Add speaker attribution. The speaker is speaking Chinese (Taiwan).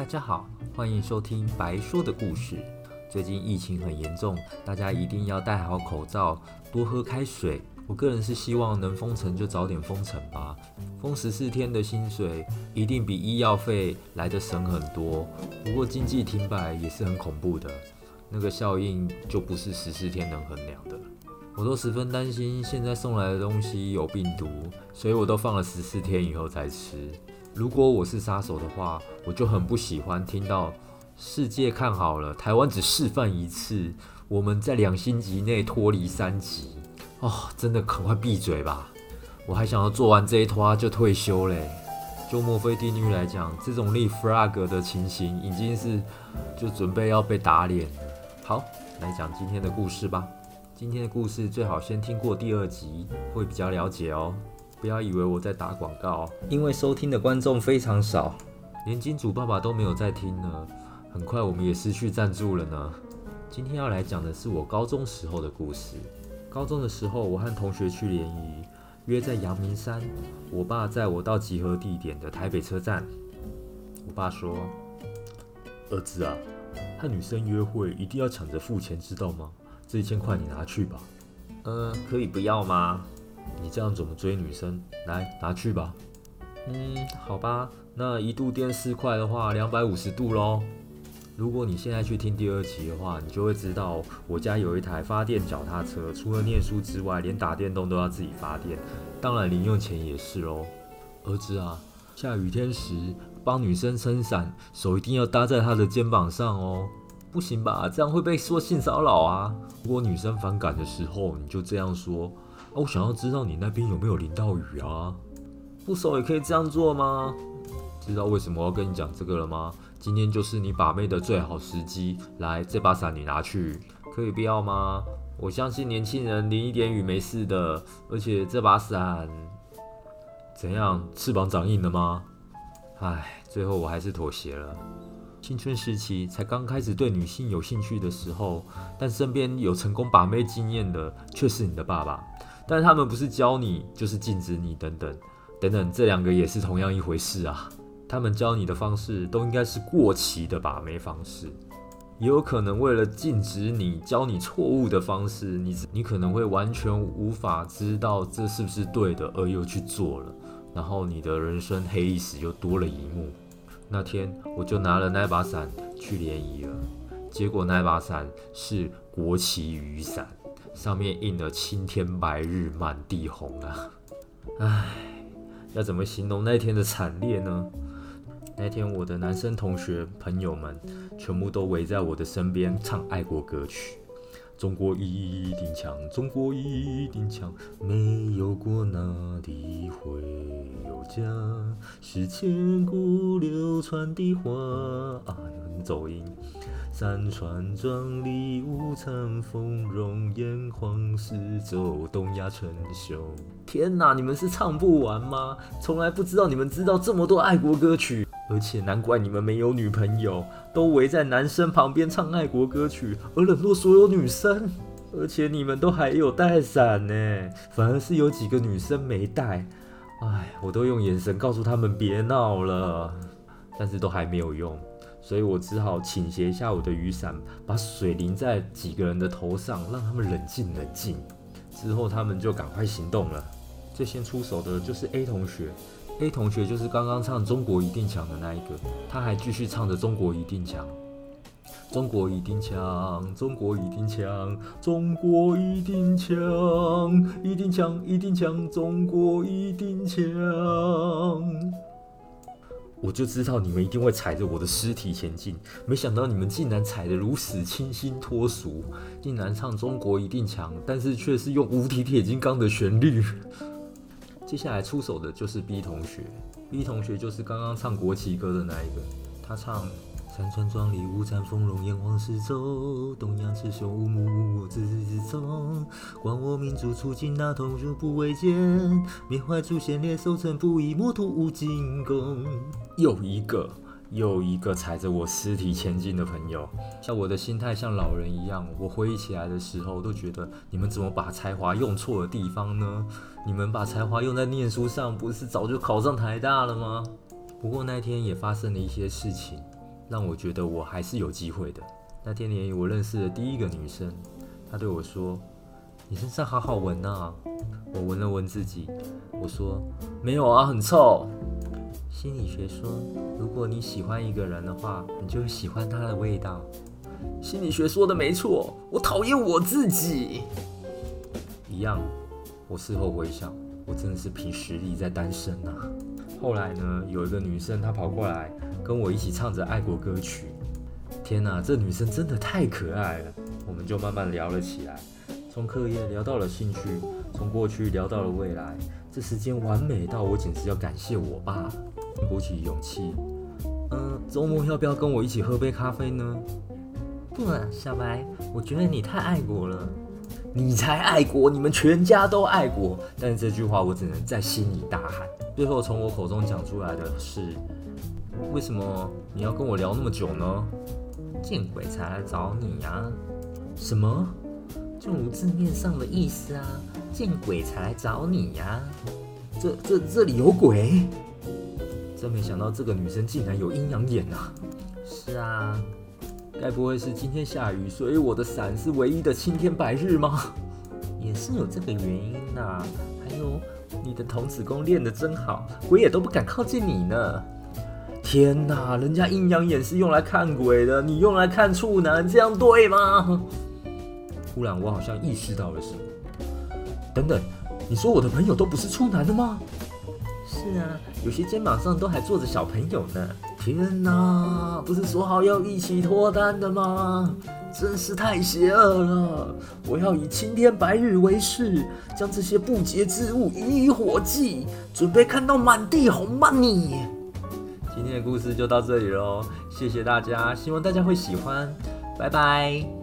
Speaker 1: 大家好，歡迎收聽白說的故事。最近疫情很嚴重，大家一定要戴好口罩，多喝開水。我個人是希望能封城就早點封城吧，封十四天的薪水一定比醫藥費來得省很多。不過經濟停擺也是很恐怖的，那個效應就不是十四天能衡量的。我都十分擔心現在送來的東西有病毒，所以我都放了十四天以後再吃。如果我是殺手的話，我就很不喜歡聽到世界看好了，台灣只示範一次，我們在兩星級內脫離三級。哦，真的趕快閉嘴吧！我還想要做完這一拖就退休嘞。就莫非定律來講，這種立 flag 的情形已經是就準備要被打臉。好，來講今天的故事吧。今天的故事最好先聽過第二集，會比較了解哦。不要以為我在打廣告，因為收聽的觀眾非常少，連金主爸爸都沒有在聽呢。很快我們也失去贊助了呢。今天要來講的是我高中時候的故事。高中的時候，我和同學去聯誼，約在陽明山。我爸載我到集合地點的台北車站，我爸說：“兒子啊，和女生約會一定要搶着付錢，知道嗎？這一千塊你拿去吧。”“呃、嗯，可以不要嗎？”你這樣怎麼追女生？來，拿去吧。嗯，好吧。那一度電四塊的話，兩百五十度嘍。如果你現在去聽第二集的話，你就會知道我家有一台發電腳踏車，除了念書之外，連打電動都要自己發電。當然，零用錢也是嘍。兒子啊，下雨天時幫女生撐傘，手一定要搭在她的肩膀上哦。不行吧？這樣會被說性騷擾啊。如果女生反感的時候，你就這樣說。啊，我想要知道你那邊有沒有淋到雨啊？不熟也可以這樣做嗎？知道為什麼我要跟你講這個了嗎？今天就是你把妹的最好時機。來，這把傘你拿去，可以不要嗎？我相信年輕人淋一點雨沒事的。而且這把傘，怎樣，翅膀長硬了嗎？唉，最後我還是妥協了。青春時期才剛開始對女性有興趣的時候，但身邊有成功把妹經驗的卻是你的爸爸。但他們不是教你，就是禁止你，等等，等等，這兩個也是同樣一回事啊。他們教你的方式都應該是過期的把妹方式，也有可能為了禁止你教你錯誤的方式，你你可能會完全無法知道這是不是對的，而又去做了，然後你的人生黑歷史又多了一幕。那天我就拿了那把傘去聯誼了，結果那把傘是國旗雨傘。上面印了“青天白日滿地紅”啊！唉，要怎麼形容那天的慘烈呢？那天我的男生同學朋友們全部都圍在我的身邊唱愛國歌曲：“中國一定強，中國一定強，沒有國哪裡會有家，是千古流傳的話。”啊，很走音。山川壯麗，物產豐隆；炎黃世冑，東亞稱雄。天哪，你們是唱不完嗎？從來不知道你們知道這麼多愛國歌曲，而且難怪你們沒有女朋友，都圍在男生旁邊唱愛國歌曲，而冷落所有女生。而且你們都還有帶傘呢，反而是有幾個女生沒帶。哎，我都用眼神告訴他們別鬧了，但是都還沒有用。所以我只好傾斜一下我的雨傘，把水淋在幾個人的頭上，讓他們冷靜冷靜。之後他們就趕快行動了。最先出手的就是 A 同學，A 同學就是剛剛唱《中國一定強》的那一個，他還繼續唱着《中國一定強》。中國一定強，中國一定強，中國一定強，一定強，一定強，中國一定強。我就知道你們一定會踩着我的屍體前進，沒想到你們竟然踩得如此清新脫俗，竟然唱《中國一定強》，但是卻是用《無敵鐵金剛》的旋律。 接下來出手的就是 B 同學，B 同學就是剛剛唱國旗歌的那一個，他唱。山川壯麗，物產豐隆，炎黃世冑，東亞稱雄，無母之宗。光我民族，促進大同，如不畏艱，緬懷諸先烈，守成不易，莫徒，務近功又。又一個又一個踩着我屍體前進的朋友，像我的心態像老人一樣。我回憶起來的時候，都覺得你們怎麼把才華用錯了地方呢？你們把才華用在念書上，不是早就考上台大了嗎？不過那天也發生了一些事情。讓我覺得我還是有機會的。那天年我認識了第一個女生，她對我說：“你身上好好聞吶、啊。”我聞了聞自己，我說：“沒有啊，很臭。”心理學說，如果你喜歡一個人的話，你就會喜歡他的味道。心理學說的沒錯，我討厭我自己，一樣。我事後回想，我真的是憑實力在單身吶、啊。後來呢，有一個女生她跑過來跟我一起唱着愛國歌曲，天吶，這女生真的太可愛了。我們就慢慢聊了起來，從課業聊到了興趣，從過去聊到了未來，這時間完美到我簡直要感謝我爸。鼓起勇氣，嗯、呃，周末要不要跟我一起喝杯咖啡呢？不啊、嗯，小白，我覺得你太愛國了。你才愛國，你們全家都愛國。但是這句話我只能在心裡大喊，最後從我口中講出來的是：為什麼你要跟我聊那麼久呢？見鬼才來找你呀！什麼？就字面上的意思啊！見鬼才來找你呀！這這這裡有鬼！真沒想到這個女生竟然有陰陽眼啊！是啊。該不會是今天下雨，所以我的傘是唯一的青天白日嗎？也是有這個原因吶、啊。還有，你的童子功練得真好，鬼也都不敢靠近你呢。天哪，人家陰陽眼是用來看鬼的，你用來看處男，這樣對嗎？忽然，我好像意識到了什麼。等等，你說我的朋友都不是處男的嗎？是啊，有些肩膀上都還坐着小朋友呢。天哪！不是說好要一起脫單的嗎？真是太邪惡了！我要以青天白日為誓，將這些不潔之物予以火祭，準備看到滿地紅吧。你今天的故事就到這裡嘍，謝謝大家，希望大家會喜歡，拜拜。